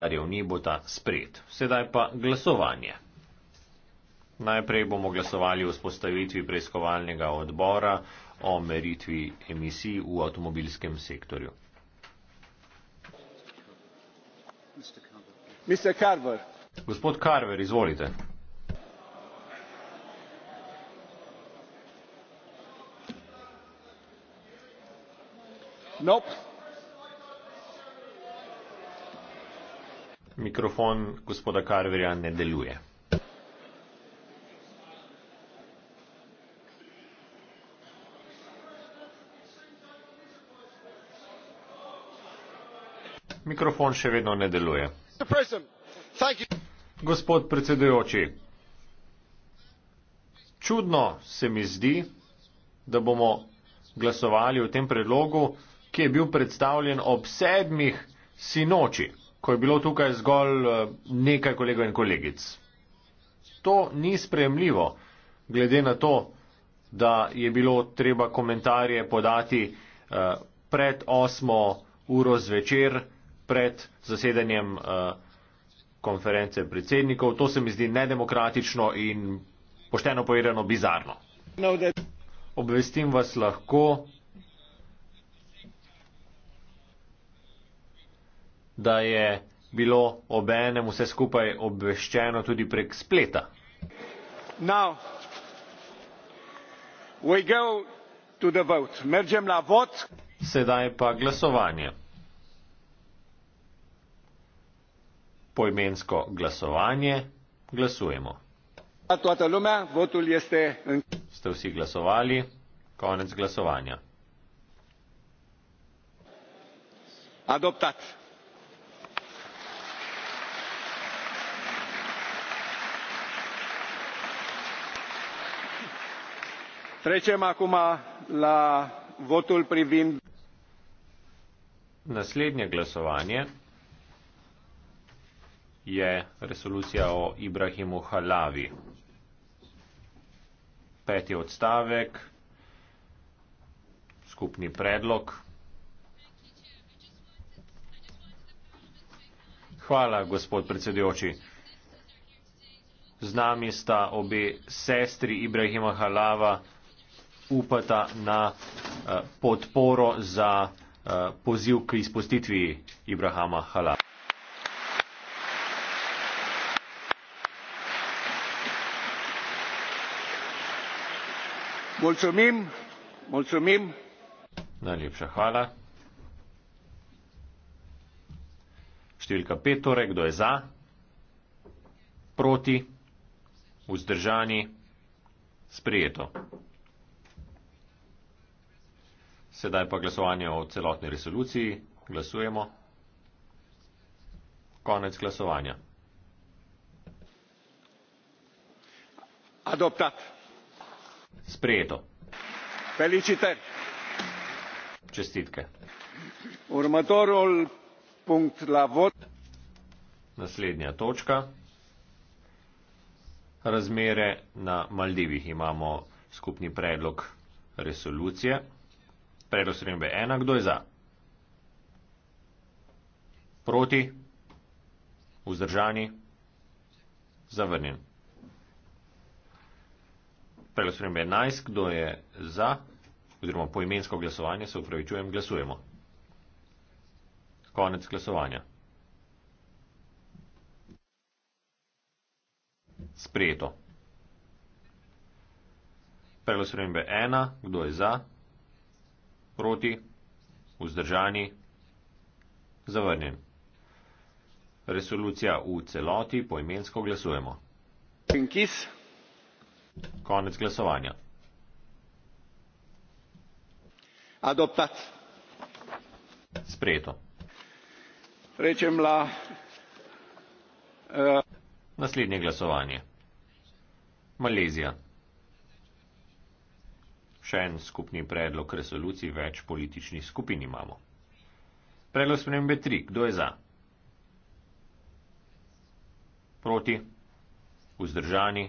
Zarjev ni bota sprejet. Sedaj pa glasovanje. Najprej bomo glasovali o spostavitvi preiskovalnega odbora o meritvi emisij v avtomobilskem sektorju. Mr. Carver. Gospod Carver, izvolite. Nope. Mikrofon gospoda Karverja ne deluje. Mikrofon še vedno ne deluje. Gospod predsedujoči, čudno se mi zdi, da bomo glasovali o tem predlogu, ki je bil predstavljen ob sedmih sinoči ko je bilo tukaj zgolj eh, nekaj kolegov in kolegic. To ni sprejemljivo, glede na to, da je bilo treba komentarje podati eh, pred 8. uro zvečer, pred zasedanjem eh, konference predsednikov. To se mi zdi nedemokratično in pošteno povedano bizarno. Obvestim vas lahko, da je bilo obenem vse skupaj obveščeno tudi prek spleta. Now, Sedaj pa glasovanje. Poimensko glasovanje glasujemo. Ste vsi glasovali? Konec glasovanja. Adoptat. trecem acum la votul privind Naslednje glasovanje je resolucija o Ibrahimu Halavi. Peti odstavek, skupni predlog. Hvala, gospod predsedujoči. Z nami sta obe sestri Ibrahima Halava upata na uh, podporo za uh, poziv k izpustitvi Ibrahama Hala. Molčumim, molčumim. Najlepša hvala. Številka pet, torej kdo je za, proti, vzdržani, sprijeto. Sedaj pa glasovanje o celotni resoluciji. Glasujemo. Konec glasovanja. Adoptat. Sprejeto. Felicite. Čestitke. Urmatorul punkt la vot. Naslednja točka. Razmere na Maldivih imamo skupni predlog resolucije. Predlog spremembe je ena, kdo je za? Proti, vzdržani, zavrnjen. Predlog spremembe je enajst, kdo je za, oziroma poimensko glasovanje, se upravičujem, glasujemo. Konec glasovanja. Sprejeto. Predlog spremembe je ena, kdo je za? proti, vzdržani, zavrnjen. Resolucija v celoti poimensko glasujemo. Pinkis. Konec glasovanja. Adoptat. Sprejeto. Rečem la. Uh... Naslednje glasovanje. Malezija še en skupni predlog resolucij več političnih skupin imamo. Predlog spremembe 3. Kdo je za? Proti? Vzdržani?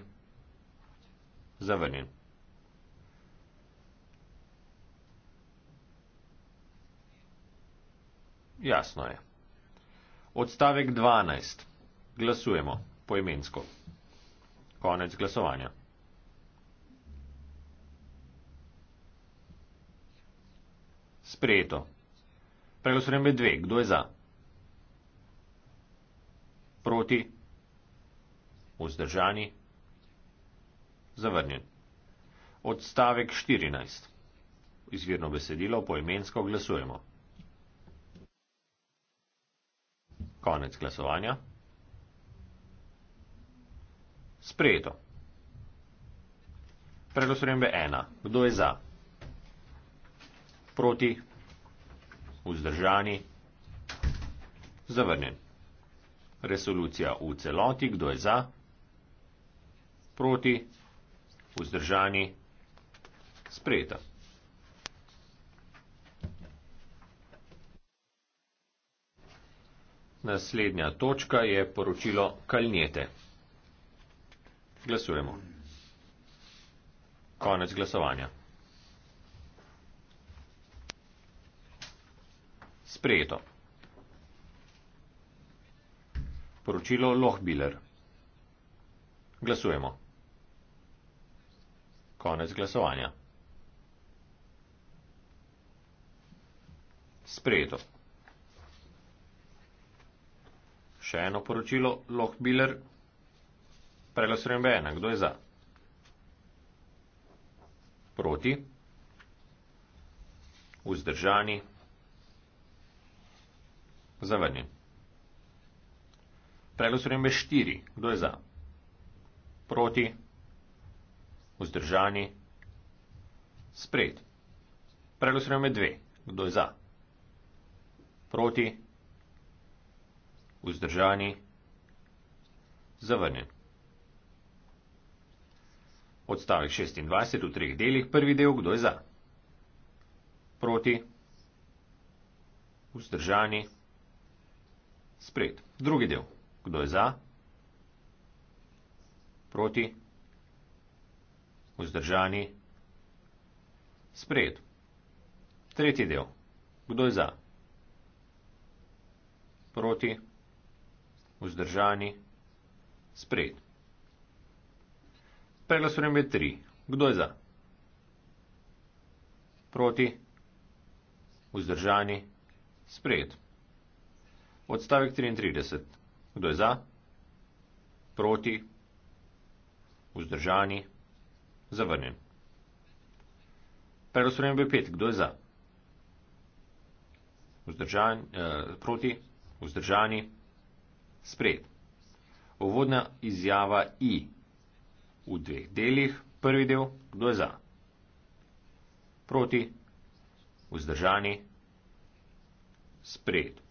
Zavrnjen. Jasno je. Odstavek 12. Glasujemo poimensko. Konec glasovanja. Sprejeto. Preglasujem med dve. Kdo je za? Proti? Vzdržani? Zavrnjen. Odstavek 14. Izvirno besedilo poimensko glasujemo. Konec glasovanja. Sprejeto. Preglasujem med ena. Kdo je za? proti, vzdržani, zavrnjen. Resolucija v celoti, kdo je za, proti, vzdržani, sprejeta. Naslednja točka je poročilo Kalnjete. Glasujemo. Konec glasovanja. sprejeto. Poročilo Lohbiler. Glasujemo. Konec glasovanja. Sprejeto. Še eno poročilo Lohbiler. Preglasujem ena. Kdo je za? Proti. Vzdržani. Zavrnjen. Predlog spremembe štiri. Kdo je za? Proti? Vzdržani? Sprejet. Predlog spremembe dve. Kdo je za? Proti? Vzdržani? Zavrnjen. Odstavek 26 v treh delih. Prvi del. Kdo je za? Proti? Vzdržani? Sprejet. Sprejet. Drugi del. Kdo je za? Proti? Vzdržani? Sprejet. Tretji del. Kdo je za? Proti? Vzdržani? Sprejet. Preglasujem je tri. Kdo je za? Proti? Vzdržani? Sprejet. Odstavek 33. Kdo je za? Proti? Vzdržani? Zavrnjen. Prvo spremem B5. Kdo je za? Vzdržani, eh, proti? Vzdržani? Sprejet. Uvodna izjava I v dveh delih. Prvi del. Kdo je za? Proti? Vzdržani? Sprejet.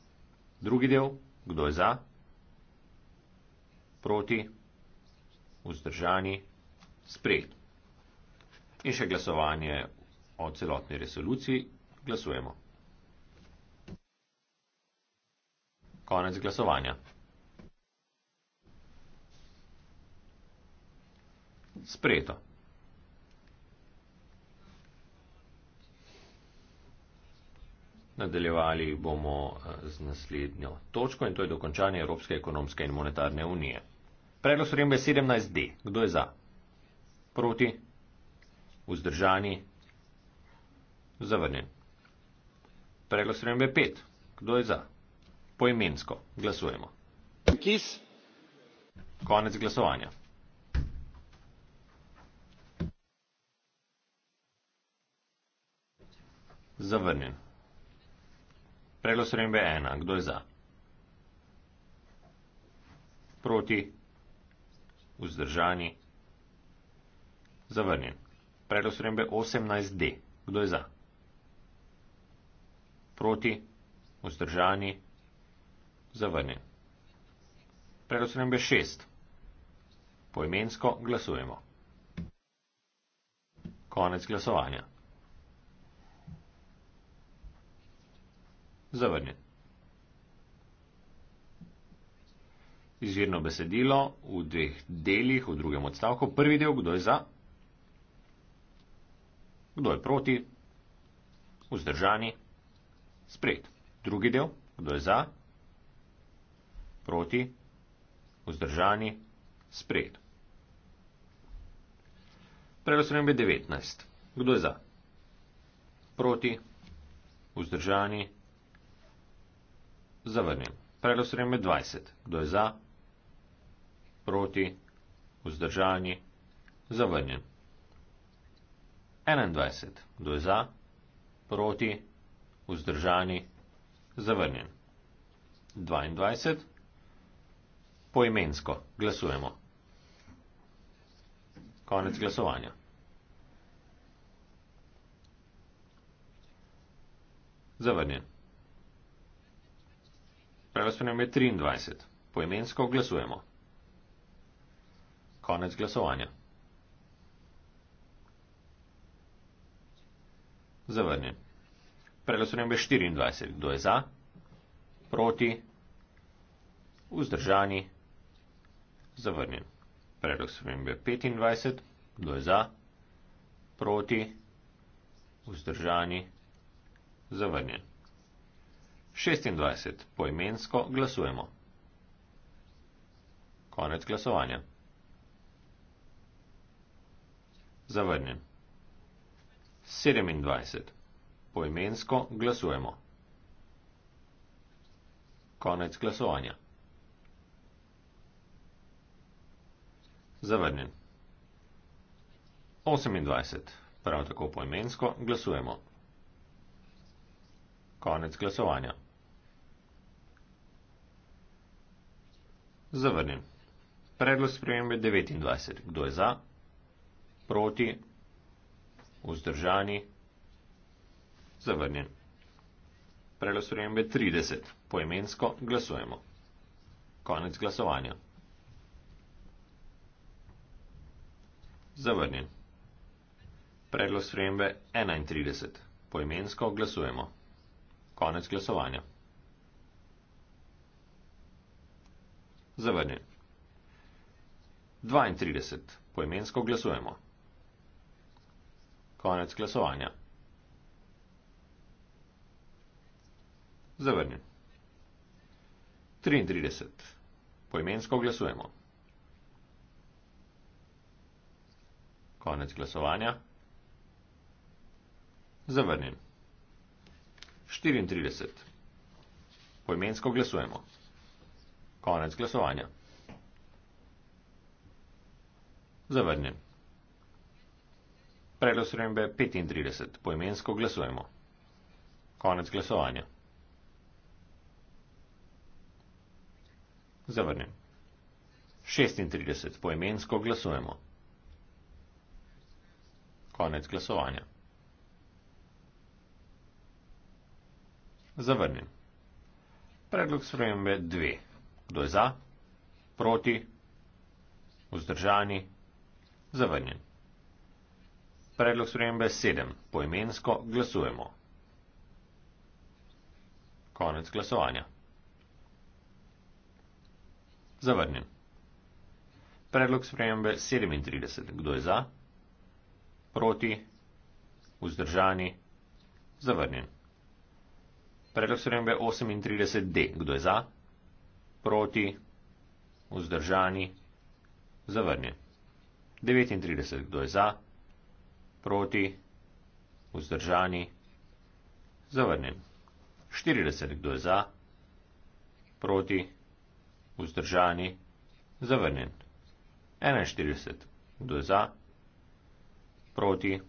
Drugi del, kdo je za, proti, vzdržani, sprejet. In še glasovanje o celotni resoluciji. Glasujemo. Konec glasovanja. Sprejeto. Nadaljevali bomo eh, z naslednjo točko in to je dokončanje Evropske ekonomske in monetarne unije. Predlog sprejembe 17D. Kdo je za? Proti? Vzdržani? Zavrnjen. Predlog sprejembe 5. Kdo je za? Poimensko. Glasujemo. Kis. Konec glasovanja. Zavrnjen. Predlog spremembe je ena. Kdo je za? Proti? Vzdržani? Zavrnjen. Predlog spremembe 18D. Kdo je za? Proti? Vzdržani? Zavrnjen. Predlog spremembe 6. Poimensko glasujemo. Konec glasovanja. zavrnjen. Izvirno besedilo v dveh delih, v drugem odstavku. Prvi del, kdo je za, kdo je proti, vzdržani, sprejet. Drugi del, kdo je za, proti, vzdržani, sprejet. Preloženo je 19. Kdo je za? Proti, vzdržani, sprejet zavrnjen. Predlog sprejme 20. Kdo je za? Proti? Vzdržani? Zavrnjen. 21. Kdo je za? Proti? Vzdržani? Zavrnjen. 22. Poimensko glasujemo. Konec glasovanja. Zavrnjen. Pravzaprav je 23. Poimensko glasujemo. Konec glasovanja. Zavrnjen. Preglasujem 24. Kdo je za? Proti? Vzdržani? Zavrnjen. Preglasujem 25. Kdo je za? Proti? Vzdržani? Zavrnjen. 26. Poimensko glasujemo. Konec glasovanja. Zavrnjen. 27. Poimensko glasujemo. Konec glasovanja. Zavrnjen. 28. Prav tako poimensko glasujemo. Konec glasovanja. Zavrnjen. Predlog spremembe 29. Kdo je za? Proti? Vzdržani? Zavrnjen. Predlog spremembe 30. Poimensko glasujemo. Konec glasovanja. Zavrnjen. Predlog spremembe 31. Poimensko glasujemo. Konec glasovanja. Zavrnjen. 32. Poimensko glasujemo. Konec glasovanja. Zavrnjen. 33. Poimensko glasujemo. Konec glasovanja. Zavrnjen. 34. Poimensko glasujemo. Konec glasovanja. Zavrnjen. Predlog sprejembe 35. Poimensko glasujemo. Konec glasovanja. Zavrnjen. 36. Poimensko glasujemo. Konec glasovanja. Zavrnjen. Predlog sprejembe 2. Kdo je za? Proti? Vzdržani? Zavrnjen. Predlog spremembe 7. Poimensko glasujemo. Konec glasovanja. Zavrnjen. Predlog spremembe 37. Kdo je za? Proti? Vzdržani? Zavrnjen. Predlog spremembe 38. D. Kdo je za? Proti? proti, vzdržani, zavrnjen. 39, kdo je za, proti, vzdržani, zavrnjen. 40, kdo je za, proti, vzdržani, zavrnjen. 41, kdo je za, proti,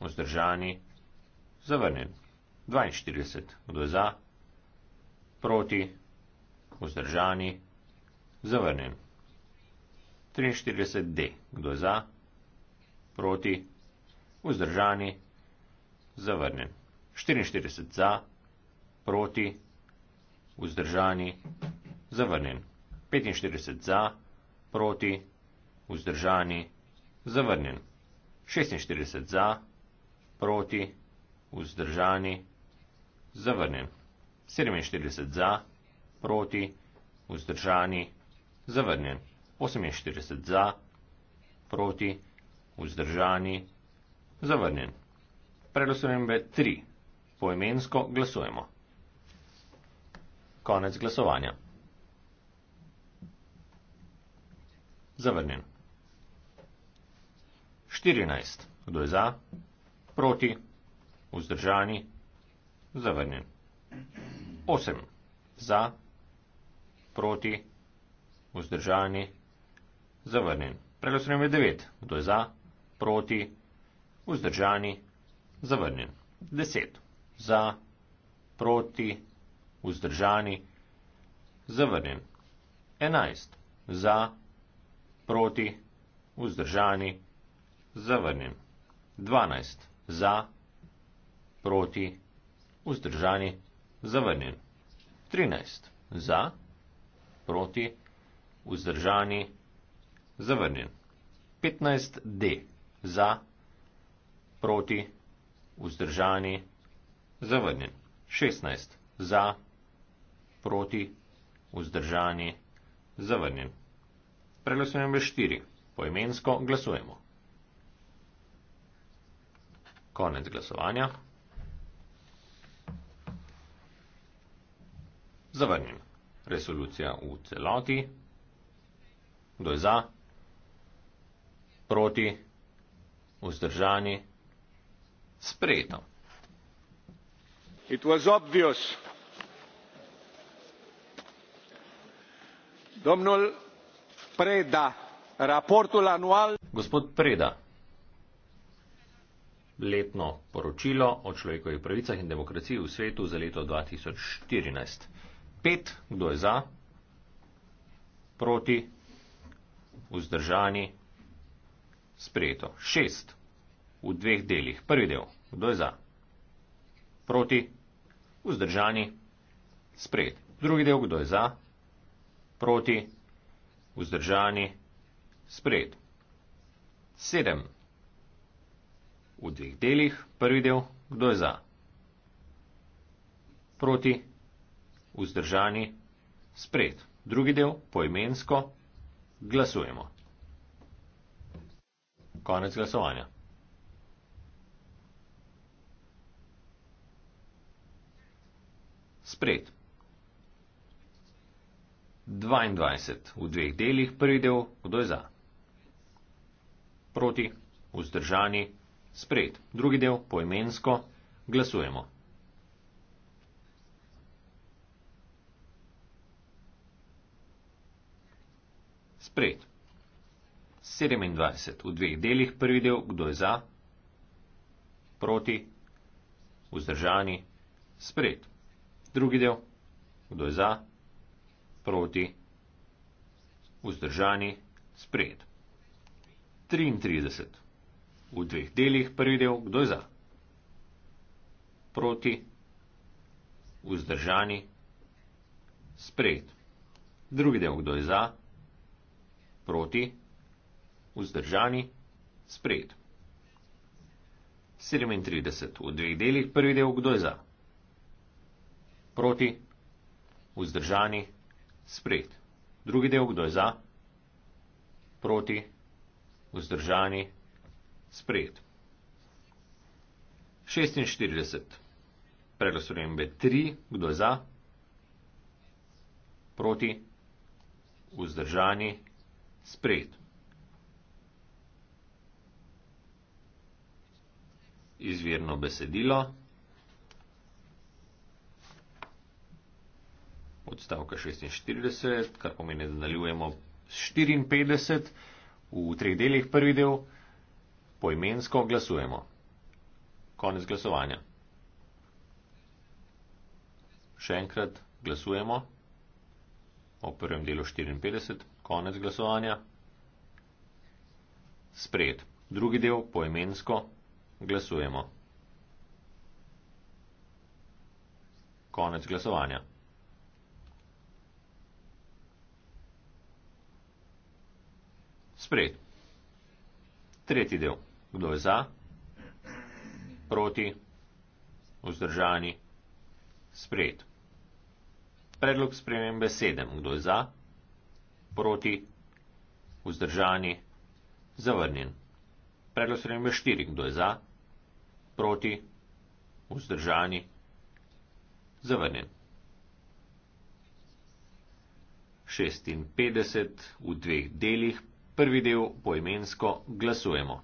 vzdržani, zavrnjen. 42, kdo je za, proti, vzdržani vzdržani, zavrnjen. 43D. Kdo za? Proti? Vzdržani? Zavrnjen. 44 za? Proti? Vzdržani? Zavrnjen. 45 za? Proti? Vzdržani? Zavrnjen. 46 za? Proti? Vzdržani? Zavrnjen. 47 za? Proti, proti, vzdržani, zavrnjen. 48 za, proti, vzdržani, zavrnjen. Preglasujembe 3. Poimensko glasujemo. Konec glasovanja. Zavrnjen. 14. Kdo je za? Proti. Vzdržani. Zavrnjen. 8. Za proti, vzdržani, zavrnjen. Predlog sprememe 9. Kdo je za, proti, vzdržani, zavrnjen. 10. Za, proti, vzdržani, zavrnjen. 11. Za, proti, vzdržani, zavrnjen. 12. Za, proti, vzdržani, zavrnjen. 13. Za, proti, vzdržani, zavrnjen proti, vzdržani, zavrnjen. 15D za, proti, vzdržani, zavrnjen. 16 za, proti, vzdržani, zavrnjen. Preglasujemo le štiri. Poimensko glasujemo. Konec glasovanja. Zavrnjeno resolucija v celoti. Kdo je za? Proti? Vzdržani? Sprejeto. It was obvious. Domnul Preda, raportul anual. Gospod Preda, letno poročilo o človekovih pravicah in demokraciji v svetu za leto 2014. 5, kdo je za, proti, vzdržani, sprejeto. 6 v dveh delih. Prvi del, kdo je za, proti, vzdržani, sprejet. Drugi del, kdo je za, proti, vzdržani, sprejet. 7 v dveh delih, prvi del, kdo je za, proti, vzdržani, sprejet vzdržani, spred. Drugi del, poimensko, glasujemo. Konec glasovanja. Spred. 22 v dveh delih, prvi del, kdo je za? Proti, vzdržani, spred. Drugi del, poimensko, glasujemo. sprejet. 27. V dveh delih prvi del, kdo je za, proti, vzdržani, sprejet. Drugi del, kdo je za, proti, vzdržani, sprejet. 33. V dveh delih prvi del, kdo je za, proti, vzdržani, sprejet. Drugi del, kdo je za, proti, vzdržani, sprejet proti, vzdržani, sprejet. 37 v dveh delih, prvi del, kdo je za? Proti, vzdržani, sprejet. Drugi del, kdo je za? Proti, vzdržani, sprejet. 46. Preglasujem B3, kdo je za? Proti, vzdržani, sprejet sprejet. Izvirno besedilo. Odstavka 46, kar pomeni, da nadaljujemo s 54 v treh delih prvi del, poimensko glasujemo. Konec glasovanja. Še enkrat glasujemo o prvem delu 54. Konec glasovanja. Spred. Drugi del poimensko. Glasujemo. Konec glasovanja. Spred. Tretji del. Kdo je za? Proti. Vzdržani. Spred. Predlog spremembe 7. Kdo je za? Proti proti, vzdržani, zavrnjen. Predlog sprememb je štiri, kdo je za, proti, vzdržani, zavrnjen. 56 v dveh delih, prvi del poimensko glasujemo.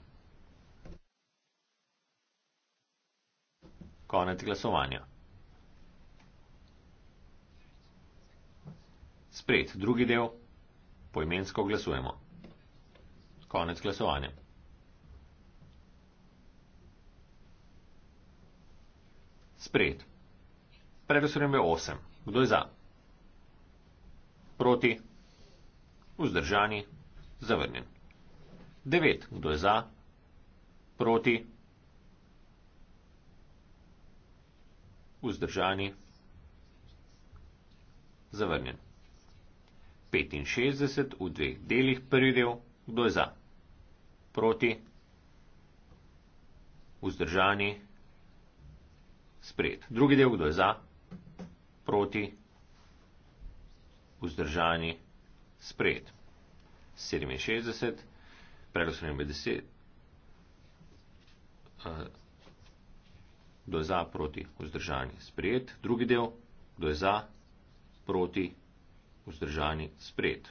Konec glasovanja. Sprejet drugi del. Poimensko glasujemo. Konec glasovanja. Sprejet. Predosrem je 8. Kdo je za? Proti. Vzdržani. Zavrnjen. 9. Kdo je za? Proti. Vzdržani. Zavrnjen. 65 v dveh delih prvi del, kdo je za? Proti? Vzdržani? Sprejet. Drugi del, kdo je za? Proti? Vzdržani? Sprejet. 67, predlog sprememba 10. Eh, kdo je za, proti, vzdržani, sprejet. Drugi del, kdo je za, proti, vzdržani spred.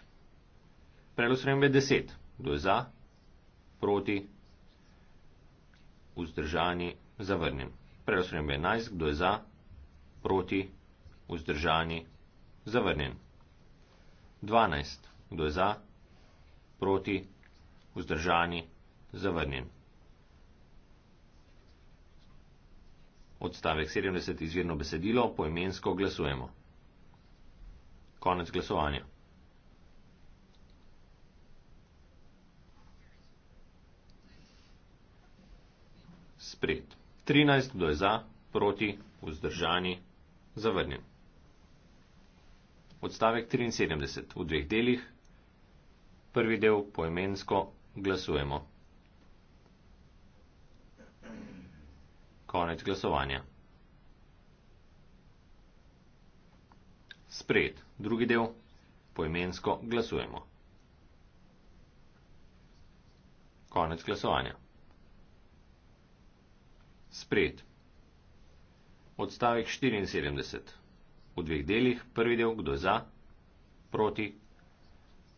Predlog spremembe 10. Kdo je za, proti, vzdržani, zavrnjen. Predlog spremembe 11. Kdo je za, proti, vzdržani, zavrnjen. 12. Kdo je za, proti, vzdržani, zavrnjen. Odstavek 70 izvirno besedilo, poimensko glasujemo. Konec glasovanja. Sprejet. 13 do je za, proti, vzdržani, zavrnjen. Odstavek 73. V dveh delih. Prvi del poimensko glasujemo. Konec glasovanja. Sprejet drugi del, poimensko glasujemo. Konec glasovanja. Sprejet. Odstavek 74. V dveh delih, prvi del, kdo je za, proti,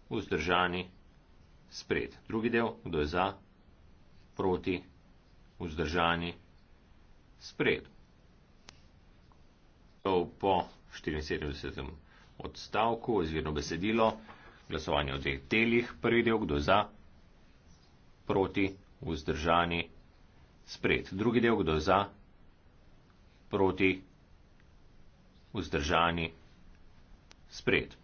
vzdržani, sprejet. Drugi del, kdo je za, proti, vzdržani, sprejet. To po 74 odstavku oziroma besedilo, glasovanje o dveh delih, prvi del, kdo za, proti, vzdržani, spred, drugi del, kdo za, proti, vzdržani, spred.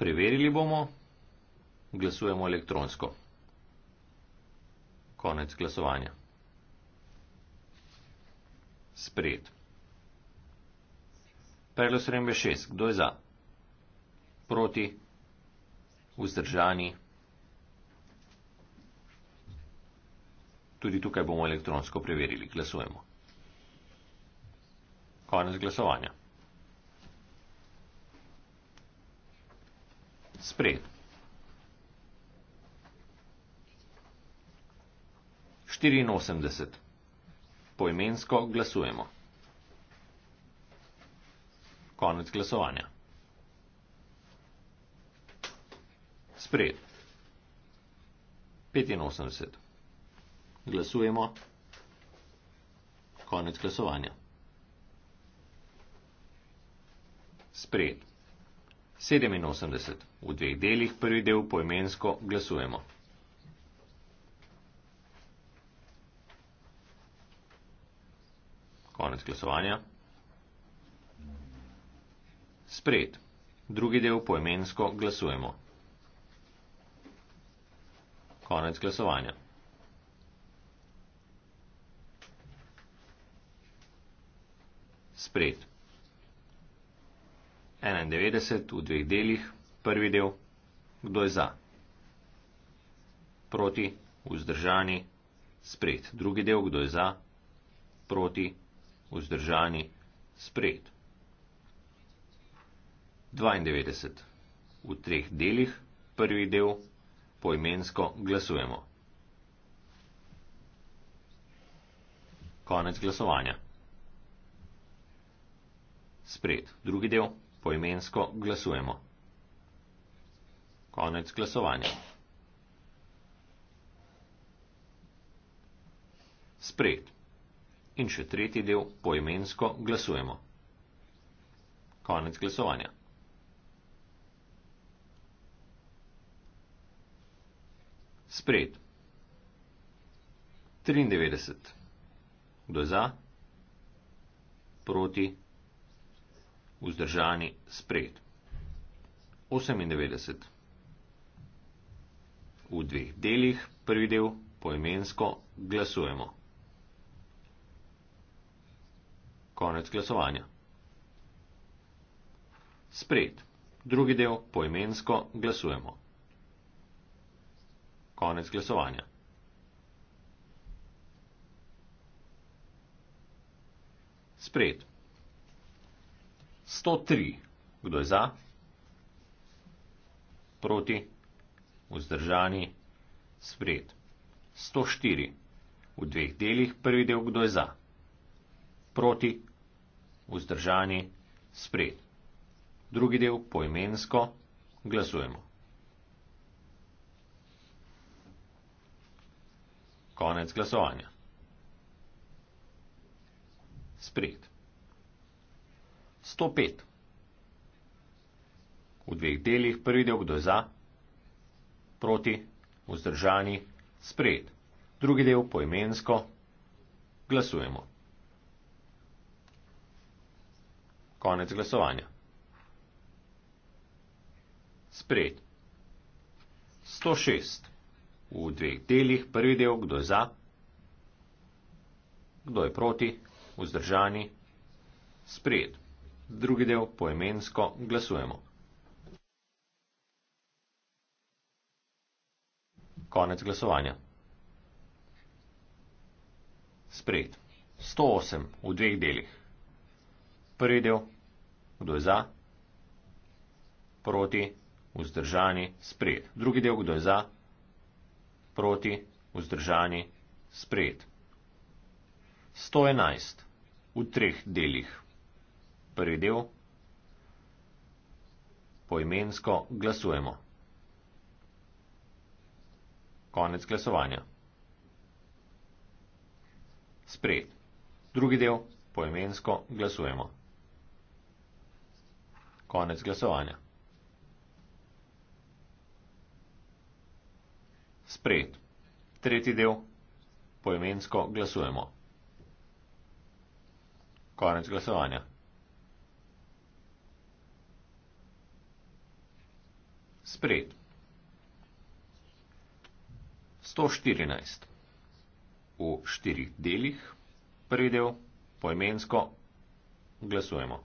Preverili bomo, glasujemo elektronsko. Konec glasovanja sprejet. Predlog sprejembe 6. Kdo je za? Proti? Vzdržani? Tudi tukaj bomo elektronsko preverili. Glasujemo. Konec glasovanja. Sprejet. 84 poimensko glasujemo. Konec glasovanja. Spred. 85. Glasujemo. Konec glasovanja. Spred. 87. V dveh delih prvi del poimensko glasujemo. Konec glasovanja. Spred. Drugi del poemensko glasujemo. Konec glasovanja. Spred. 91 v dveh delih. Prvi del. Kdo je za? Proti. Vzdržani. Spred. Drugi del. Kdo je za? Proti vzdržani, sprejet. 92. V treh delih, prvi del, poimensko glasujemo. Konec glasovanja. Spred, drugi del, poimensko glasujemo. Konec glasovanja. Spred in še tretji del poimensko glasujemo. Konec glasovanja. Spred 93. Kdo za? Proti? Vzdržani spred 98. V dveh delih, prvi del, poimensko glasujemo. Konec glasovanja. Spred. Drugi del poimensko glasujemo. Konec glasovanja. Spred. 103. Kdo je za? Proti. Vzdržani. Spred. 104. V dveh delih prvi del, kdo je za? Proti vzdržani, sprejet. Drugi del poimensko glasujemo. Konec glasovanja. Sprejet. 105. V dveh delih prvi del kdo je za, proti, vzdržani, sprejet. Drugi del poimensko glasujemo. Konec glasovanja. Spred. 106. V dveh delih prvi del, kdo je za, kdo je proti, vzdržani. Spred. Drugi del poemensko glasujemo. Konec glasovanja. Spred. 108 v dveh delih pridel, kdo je za, proti, vzdržani, spred. Drugi del, kdo je za, proti, vzdržani, spred. 111 v treh delih. Prvi del, poimensko glasujemo. Konec glasovanja. Spred. Drugi del, poimensko glasujemo. Konec glasovanja. Sprejet. Tretji del. Poimensko glasujemo. Konec glasovanja. Sprejet. 114. V štirih delih. Prvi del. Poimensko glasujemo.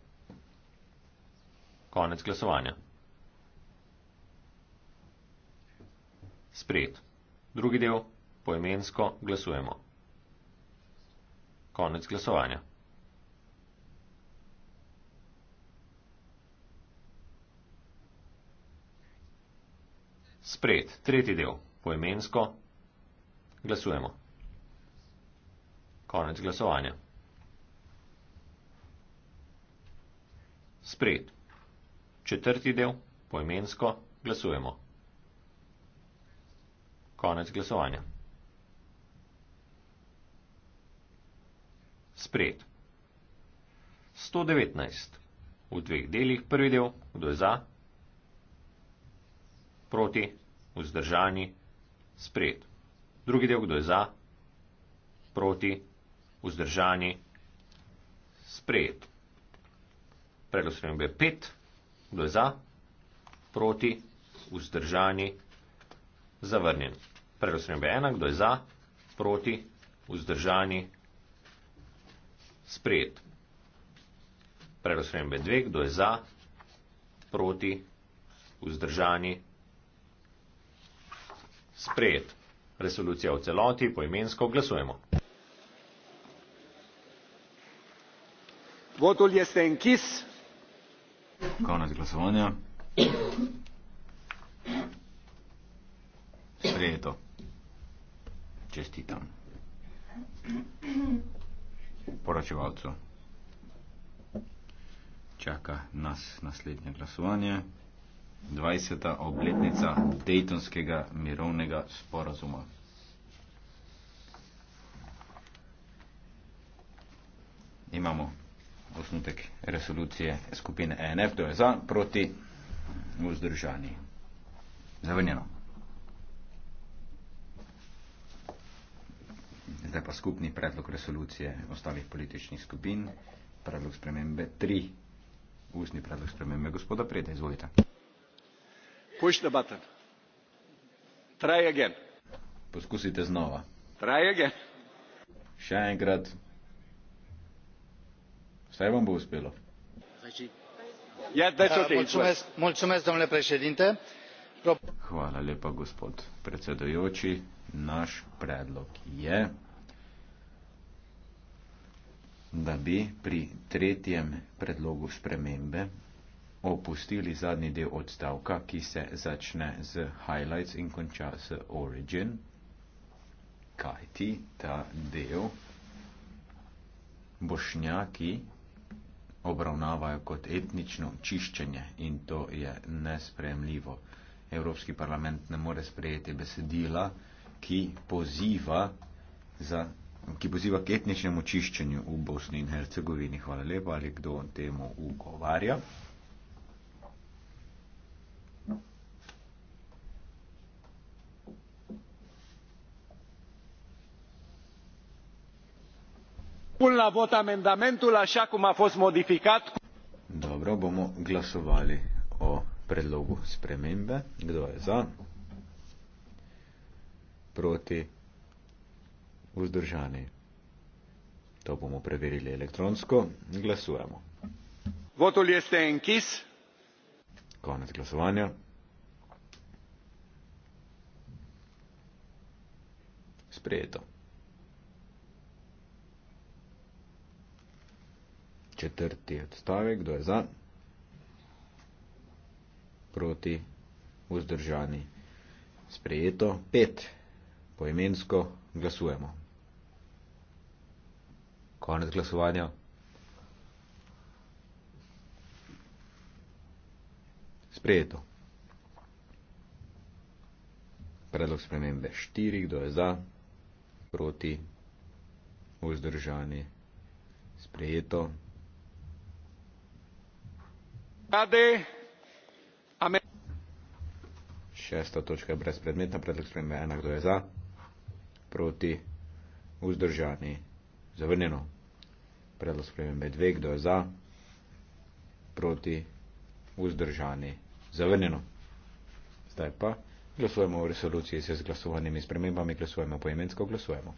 Konec glasovanja. Sprejet. Drugi del. Poimensko glasujemo. Konec glasovanja. Sprejet. Tretji del. Poimensko glasujemo. Konec glasovanja. Sprejet. Četrti del, poimensko, glasujemo. Konec glasovanja. Sprejet. 119. V dveh delih prvi del, kdo je za, proti, vzdržani, sprejet. Drugi del, kdo je za, proti, vzdržani, sprejet. Predlog sprememb je 5 kdo je za, proti, vzdržani, zavrnjen. Predostrem bi ena, kdo je za, proti, vzdržani, sprejet. Predostrem bi dve, kdo je za, proti, vzdržani, sprejet. Resolucija v celoti, poimensko glasujemo. Votul este închis. Konec glasovanja. Sprejeto. Čestitam. Poročevalcu. Čaka nas naslednje glasovanje. 20. obletnica Dejtonskega mirovnega sporazuma. Imamo osnutek resolucije skupine ENF, to je za, proti vzdržani. Zavrnjeno. Zdaj pa skupni predlog resolucije ostalih političnih skupin, predlog spremembe 3, ustni predlog spremembe gospoda Preda, izvolite. Push the button. Try again. Poskusite znova. Try again. Še enkrat. Vsaj vam bo uspelo. Domnule predsednik, hvala lepa, gospod predsedujoči. Naš predlog je, da bi pri tretjem predlogu spremembe opustili zadnji del odstavka, ki se začne z highlights in konča z origin, kajti ta del bošnjaki obravnavajo kot etnično čiščenje in to je nespremljivo. Evropski parlament ne more sprejeti besedila, ki poziva, za, ki poziva k etničnemu čiščenju v Bosni in Hercegovini. Hvala lepa, ali kdo temu ugovarja. pun la vot amendamentul așa cum a fost modificat. Dobro, bomo glasovali o predlogu spremembe. Kdo je za? Proti? Vzdržani? To bomo preverili elektronsko. Glasujemo. Votul este închis. Konec glasovanja. Sprejeto. četrti odstavek, kdo je za, proti, vzdržani, sprejeto, pet, poimensko glasujemo. Konec glasovanja. Sprejeto. Predlog spremembe štiri, kdo je za, proti, vzdržani, sprejeto. Šesta točka je brezpredmetna, predlog spremembe ena, kdo je za, proti, vzdržani, zavrnjeno. Predlog spremembe dve, kdo je za, proti, vzdržani, zavrnjeno. Zdaj pa glasujemo o resoluciji se z glasovanimi spremembami, glasujemo poimensko, glasujemo.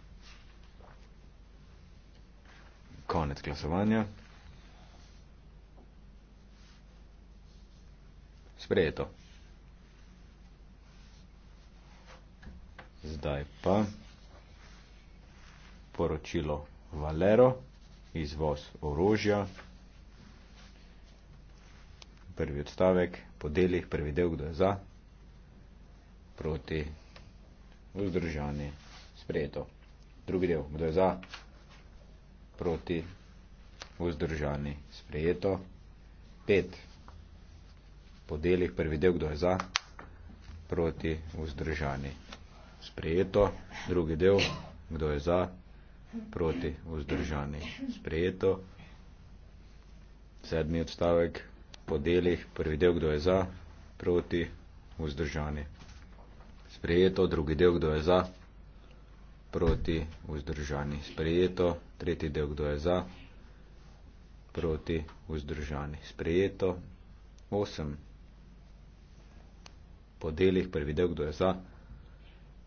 Konec glasovanja. sprejeto. Zdaj pa poročilo Valero, izvoz orožja. Prvi odstavek, podeli, prvi del, kdo je za, proti, vzdržani, sprejeto. Drugi del, kdo je za, proti, vzdržani, sprejeto. Pet po delih prvi del, kdo je za, proti, vzdržani. Sprejeto, drugi del, kdo je za, proti, vzdržani. Sprejeto, sedmi odstavek, po delih prvi del, kdo je za, proti, vzdržani. Sprejeto, drugi del, kdo je za, proti, vzdržani. Sprejeto, tretji del, kdo je za, proti, vzdržani. Sprejeto, osem. Awesome po delih previdev, kdo je za,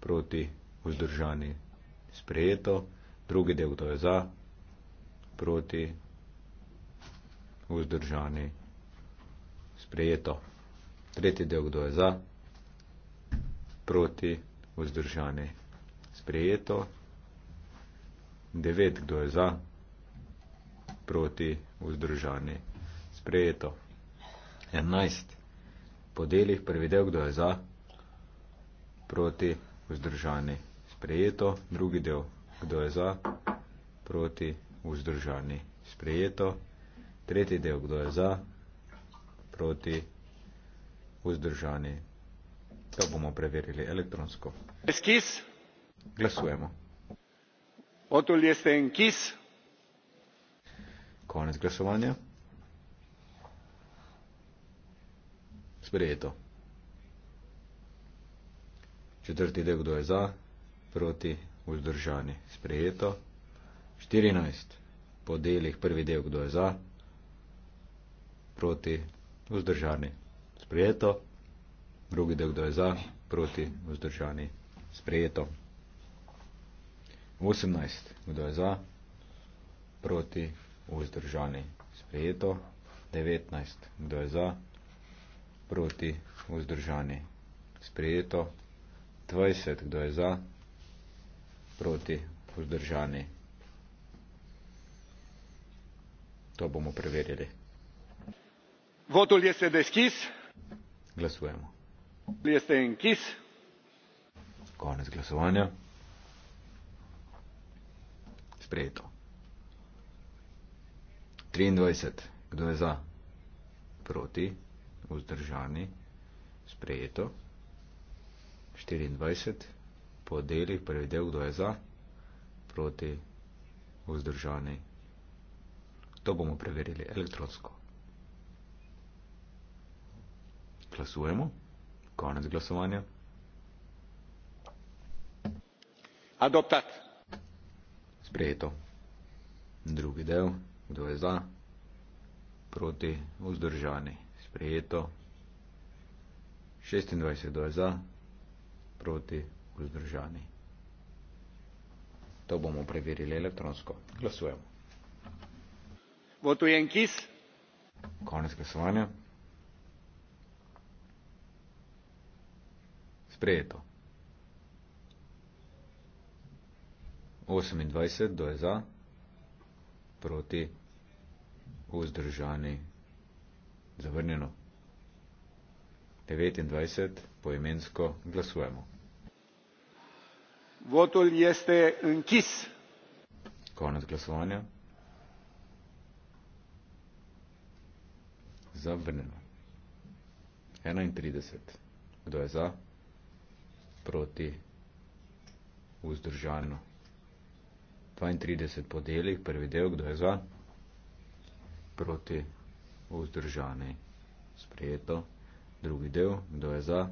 proti, vzdržani, sprejeto, drugi del, kdo je za, proti, vzdržani, sprejeto, tretji del, kdo je za, proti, vzdržani, sprejeto, devet, kdo je za, proti, vzdržani, sprejeto, enajst, po delih prevedel, kdo je za, proti, vzdržani, sprejeto, drugi del, kdo je za, proti, vzdržani, sprejeto, tretji del, kdo je za, proti, vzdržani. To bomo preverili elektronsko. Eskiz. Glasujemo. Otulje ste en kis. Konec glasovanja. sprejeto. Četrti del, kdo je za, proti, vzdržani, sprejeto. 14. Po delih prvi del, kdo je za, proti, vzdržani, sprejeto. Drugi del, kdo je za, proti, vzdržani, sprejeto. 18. Kdo je za, proti, vzdržani, sprejeto. 19. Kdo je za, proti vzdržani. Sprejeto 20, kdo je za, proti vzdržani. To bomo preverili. Votul este deschis. Glasujemo. Este închis. Konec glasovanja. Sprejeto. 23. Kdo je za? Proti vzdržani, sprejeto. 24, podeli prvi del, kdo je za, proti, vzdržani. To bomo preverili elektronsko. Glasujemo, konec glasovanja. Adoptat. Sprejeto. Drugi del, kdo je za, proti, vzdržani sprejeto 26 do je za proti vzdržani. To bomo preverili elektronsko. Glasujemo. Votujem kis. Konec glasovanja. Sprejeto. 28 do je za proti vzdržani zavrnjeno. 29. poimensko glasujemo. Votul jeste închis. Konec glasovanja. Zavrnjeno. 31. Kdo je za? Proti. Vzdržano. 32 podeli, prvi del, kdo je za? Proti vzdržani. Sprejeto. Drugi del, kdo je za,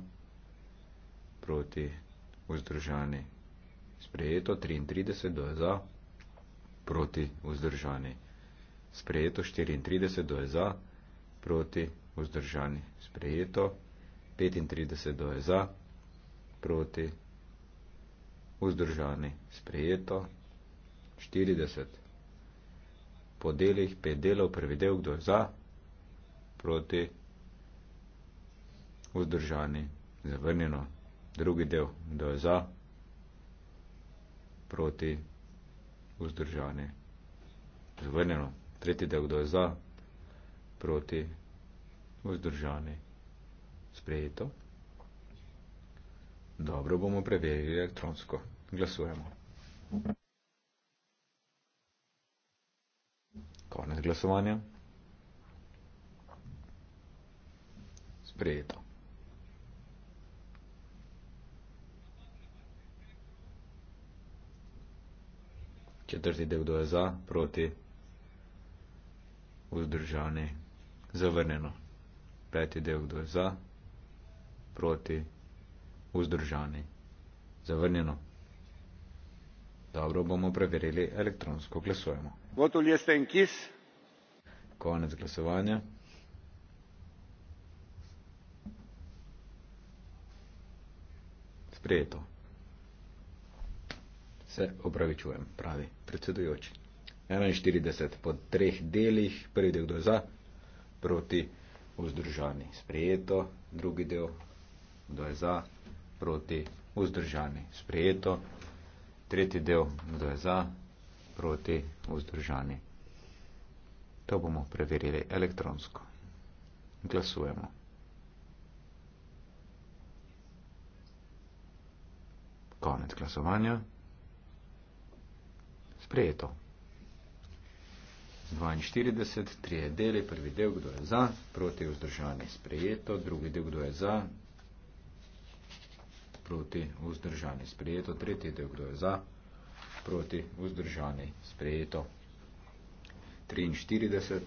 proti, vzdržani. Sprejeto 33, kdo je za, proti, vzdržani. Sprejeto 34, kdo je za, proti, vzdržani. Sprejeto 35, kdo je za, proti, vzdržani. Sprejeto 40. Po delih 5 delov, prvi del, kdo je za, proti, vzdržani, zavrnjeno, drugi del, kdo je za, proti, vzdržani, zavrnjeno, tretji del, kdo je za, proti, vzdržani, sprejeto. Dobro bomo preverili elektronsko. Glasujemo. Konec glasovanja. sprejeto. Četrti del, kdo je za, proti, vzdržani, zavrnjeno. Peti del, kdo je za, proti, vzdržani, zavrnjeno. Dobro bomo preverili elektronsko glasujemo. Votul je stenkis. Konec glasovanja. sprejeto. Se opravičujem, pravi predsedujoči. 41 po treh delih, prvi del kdo je za, proti, vzdržani. Sprejeto, drugi del kdo je za, proti, vzdržani. Sprejeto, tretji del kdo je za, proti, vzdržani. To bomo preverili elektronsko. Glasujemo. Konec glasovanja. Sprejeto. 42, 3 dele, prvi del, kdo je za, proti vzdržani, sprejeto, drugi del, kdo je za, proti vzdržani, sprejeto, tretji del, kdo je za, proti vzdržani, sprejeto. 43,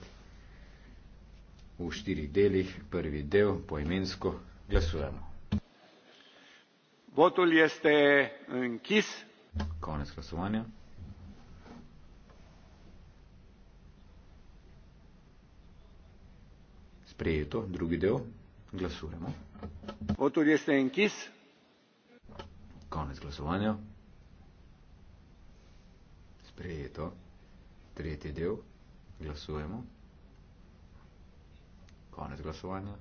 v štirih delih, prvi del, poimensko, glasujemo konec glasovanja sprejeto drugi del glasujemo konec glasovanja sprejeto tretji del glasujemo konec glasovanja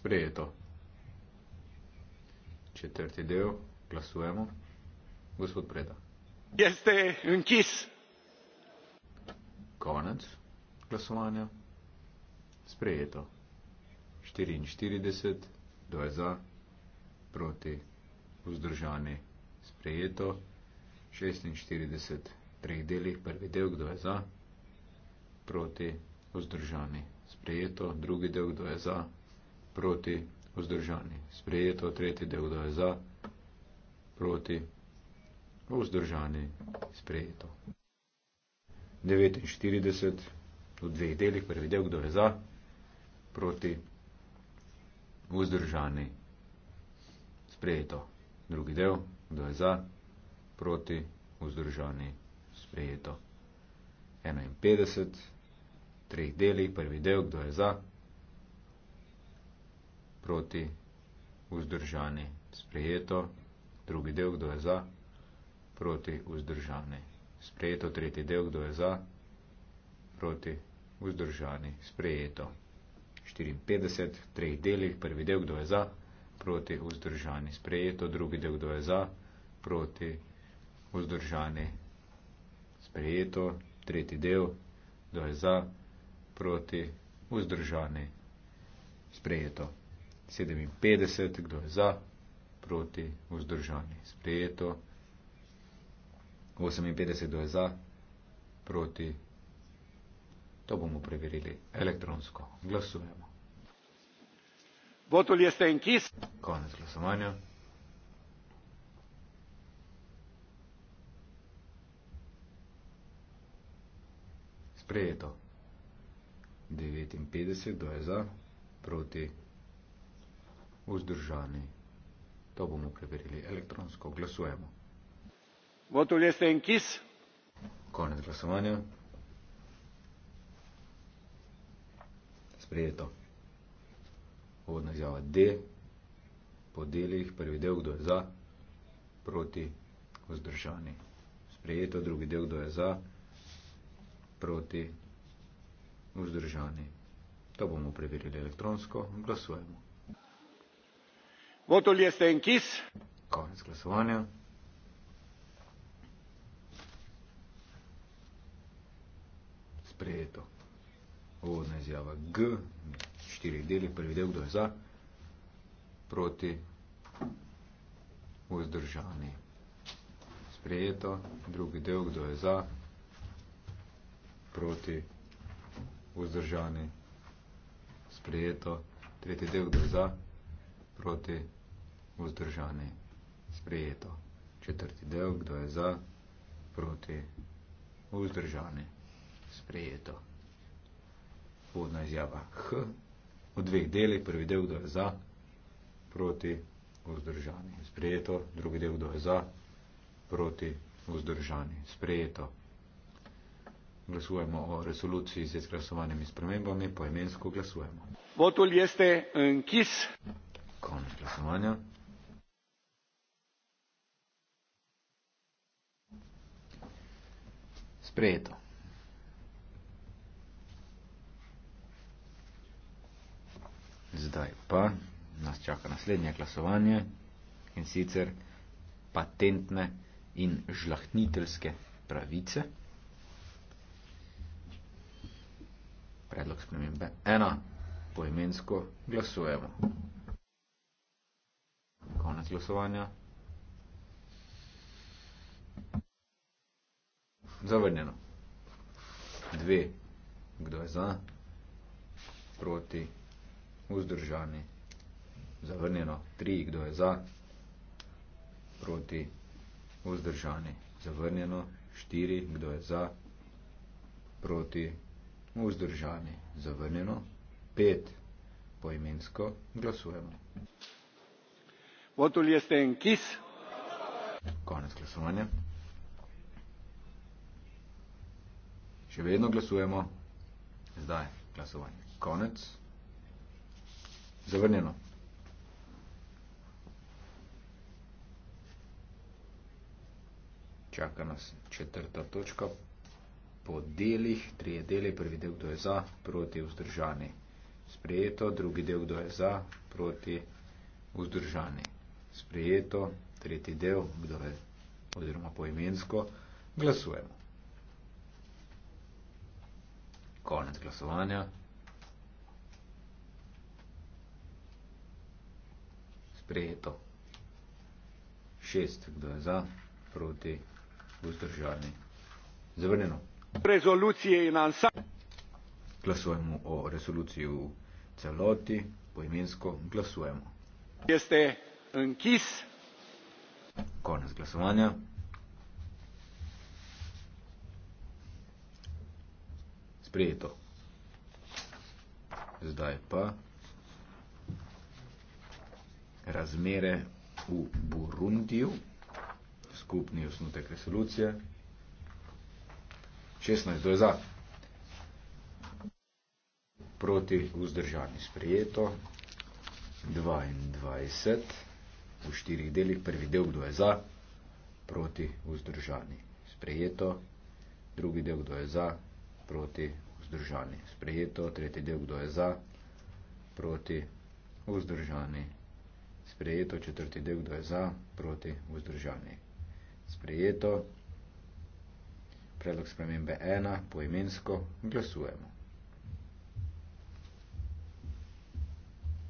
Sprejeto. Četrti del, glasujemo. Gospod Preda. Jeste in kis. Konec glasovanja. Sprejeto. 44, kdo je za, proti, vzdržani, sprejeto. 46, treh delih, prvi del, kdo je za, proti, vzdržani, sprejeto. Drugi del, kdo je za, proti vzdržani. Sprejeto tretji del, da je za, proti vzdržani, sprejeto. 49 v dveh delih, prvi del, kdo je za, proti vzdržani, sprejeto. Drugi del, kdo je za, proti vzdržani, sprejeto. 51 v treh delih, prvi del, kdo je za, proti vzdržani, sprejeto proti, vzdržani, sprejeto, drugi del, kdo je za, proti, vzdržani, sprejeto, tretji del, kdo je za, proti, vzdržani, sprejeto. 54, treh delih, prvi del, kdo je za, proti, vzdržani, sprejeto, drugi del, kdo je za, proti, vzdržani, sprejeto, tretji del, kdo je za, proti, vzdržani, sprejeto. 57, kdo je za, proti, vzdržani, sprejeto. 58, kdo je za, proti, to bomo preverili elektronsko. Glasujemo. Votul este închis. Konec glasovanja. Sprejeto. 59 do je za, proti vzdržani. To bomo preverili elektronsko. Glasujemo. Votul este închis. Konec glasovanja. Sprejeto. Uvodna izjava D. Po delih prvi del, kdo je za, proti, vzdržani. Sprejeto drugi del, kdo je za, proti, vzdržani. To bomo preverili elektronsko. Glasujemo votul este închis konec glasovanja sprejeto uvodna izjava g štiri deli prvi del kdo je za proti vzdržani sprejeto drugi del kdo je za proti vzdržani sprejeto tretji del kdo je za proti vzdržane, sprejeto. Četrti del, kdo je za, proti, vzdržane, sprejeto. Vodna izjava H. V dveh delih, prvi del, kdo je za, proti, vzdržane, sprejeto. Drugi del, kdo je za, proti, vzdržane, sprejeto. Glasujemo o resoluciji z izglasovanimi spremembami, poemensko glasujemo. Votul este închis. Konec glasovanja. sprejeto. Zdaj pa nas čaka naslednje glasovanje in sicer patentne in žlahniteljske pravice. Predlog spremembe ena, poimensko glasujemo. Konec glasovanja. Zavrnjeno. Dve. Kdo je za? Proti. Vzdržani. Zavrnjeno. Tri. Kdo je za? Proti. Vzdržani. Zavrnjeno. Štiri. Kdo je za? Proti. Vzdržani. Zavrnjeno. Pet. Poimensko glasujemo. Votul este închis. Konec glasovanja. Še vedno glasujemo. Zdaj glasovanje. Konec. Zavrnjeno. Čaka nas četrta točka. Po delih, trije deli, prvi del, kdo je za, proti, vzdržani. Sprejeto, drugi del, kdo je za, proti, vzdržani. Sprejeto, tretji del, kdo je, oziroma poimensko, glasujemo. Konec glasovanja. Sprejeto. Šest, kdo je za, proti, vzdržani. Zavrnjeno. Rezolucije in ansambl. Glasujemo o resoluciji v celoti, poimensko glasujemo. Jeste enkis. Eh, Konec glasovanja. sprejeto. Zdaj pa razmere v Burundiju, skupni osnutek resolucije. 16 je za, proti vzdržani sprejeto, 22 v štirih delih, prvi del kdo je za, proti vzdržani sprejeto, drugi del kdo je za, proti vzdržani. Sprejeto, tretji del, kdo je za, proti vzdržani. Sprejeto, četrti del, kdo je za, proti vzdržani. Sprejeto, predlog spremembe ena, poimensko glasujemo.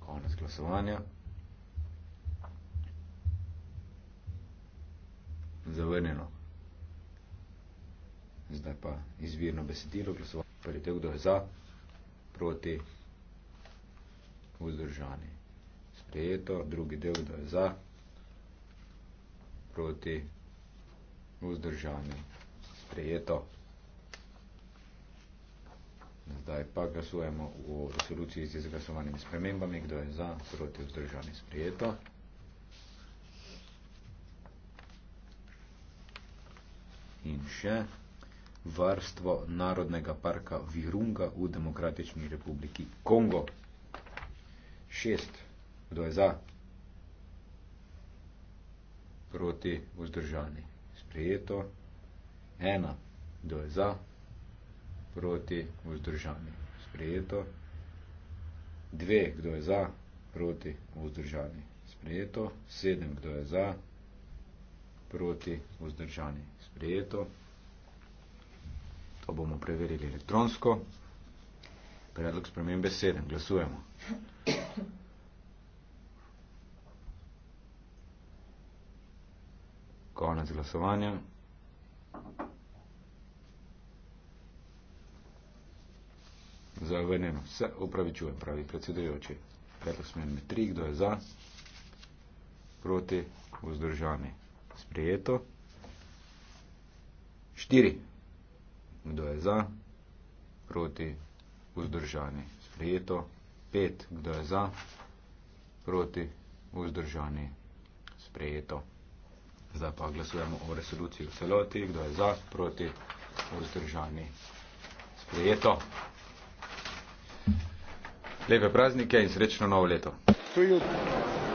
Konec glasovanja. Zavrnjeno. Zdaj pa izvirno besedilo glasovanja. Prijete, kdo je za, proti, vzdržani. Sprejeto, drugi del, kdo je za, proti, vzdržani. Sprejeto. Zdaj pa glasujemo v resoluciji z izglasovanimi spremembami, kdo je za, proti, vzdržani. Sprejeto. In še varstvo narodnega parka Virunga v Demokratični republiki Kongo. Šest. Kdo je za? Proti vzdržani. Sprejeto. Ena. Kdo je za? Proti vzdržani. Sprejeto. Dve. Kdo je za? Proti vzdržani. Sprejeto. Sedem. Kdo je za? Proti vzdržani. Sprejeto. To bomo preverili elektronsko. Predlog spremembe 7. Glasujemo. Konec glasovanja. Zavrnjeno. Vse upravičujem, pravi predsedujoči. Predlog spremembe 3. Kdo je za? Proti? Vzdržani. Sprijeto. 4 kdo je za, proti, vzdržani, sprejeto, pet, kdo je za, proti, vzdržani, sprejeto. Zdaj pa glasujemo o resoluciji v celoti, kdo je za, proti, vzdržani, sprejeto. Lepe praznike in srečno novo leto. Prijutno.